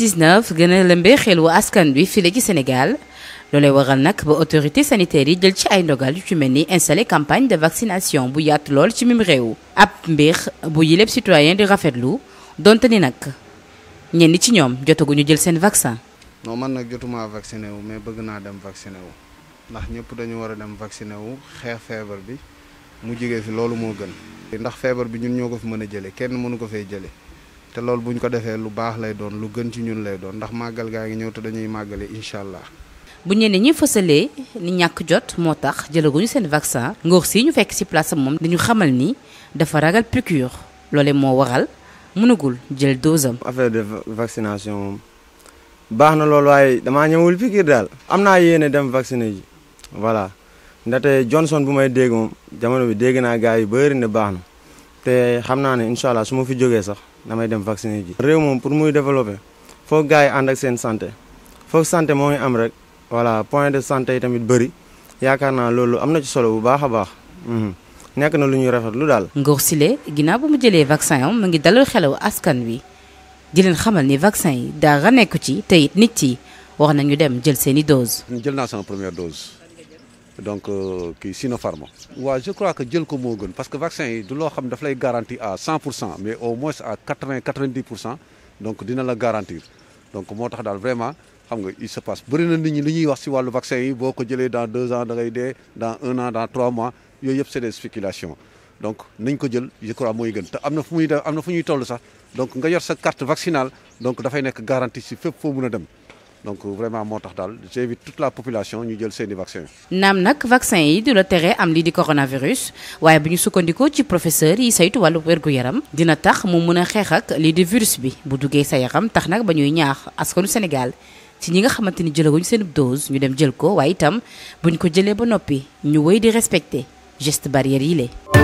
Covid-19 gën a lëmbee askan bi file ci Sénégal Lolé waral nak ba autorité sanitaire yi jël ci ay ndogal yu ci melni installer campagne de vaccination bu yatt lol ci mim réew ab mbir bu yileb citoyen di rafetlu donte ni nak ñen ci ñoom jotaguñu jël sen vaccin non man nak jotuma vacciné wu mais bëgg na dem vacciné wu ndax ñepp dañu wara dem vacciné wu xex fièvre bi mu jigee fi lolou mo gën ndax fièvre bi ñun ñoko ko fi mën a kenn mënu ko fay jëlé te loolu bu ñu ko defee lu baax lay doon lu gën ci ñun lay doon ndax màggal gaa ngi ñëw te dañuy màggale incha allah. bu ñenn ñi fësalee ni ñàkk jot moo tax jëlaguñu seen vaccin ngóor si ñu fekk si place moom dañu xamal ni dafa ragal piqûre loole moo waral mënagul jël dose am. affaire de vaccination moom baax na loolu waaye damaa ñëwul piqûre daal. am naa yéene dem vacciné ji voilà ndaxte Johnson bu may dégg moom jamono bi dégg naa gars yi bëri na baax na. te xam naa ne incha allah su ma fi jógee sax damay dem vacciner ji. réew moom pour muy développer foo gars yi ànd ak seen santé foog santé moo ngi am rek voilà point de santé yi tamit bëri yaakaar naa loolu am na ci solo bu baax a baax. Mhm. nekk na lu ñuy rafetlu daal. Ngor Sile ginnaaw bu mu jëlee vaccin am mu ngi dalal xelaw askan wi di xamal ni vaccin yi dara nekku ci tey nit yi wax nañu dem jël seen i dose. jël naa sama première dose. donc qui euh, Sinopharm waaw je crois que djel ko mo gën parce que vaccin yi du lo xam daf lay garantie à 100 mais au moins à 80 90 donc dina la garantir donc motax dal vraiment xam nga il se passe bëri na nit ñi li ñuy wax ci walu vaccin yi boko jëlé dans 2 ans da ngay dé dans 1 an dans 3 mois yooyu yëpp c'est des spéculations donc nañ ko jël je crois moy gën te amna fu muy amna fu ñuy tollu sax donc nga yor sa carte vaccinale donc da fay nek garantie ci fepp fo mëna a dem donc vraiment mon total toute la population ñu jël seeni vaccins. nam vaccin yi du am di coronavirus waye buñu sukkandiko professeur yi saytu yaram dina tax mu virus bi bu tax Sénégal ci ñi dose ñu dem jël ko buñ ko di respecter geste barrière yi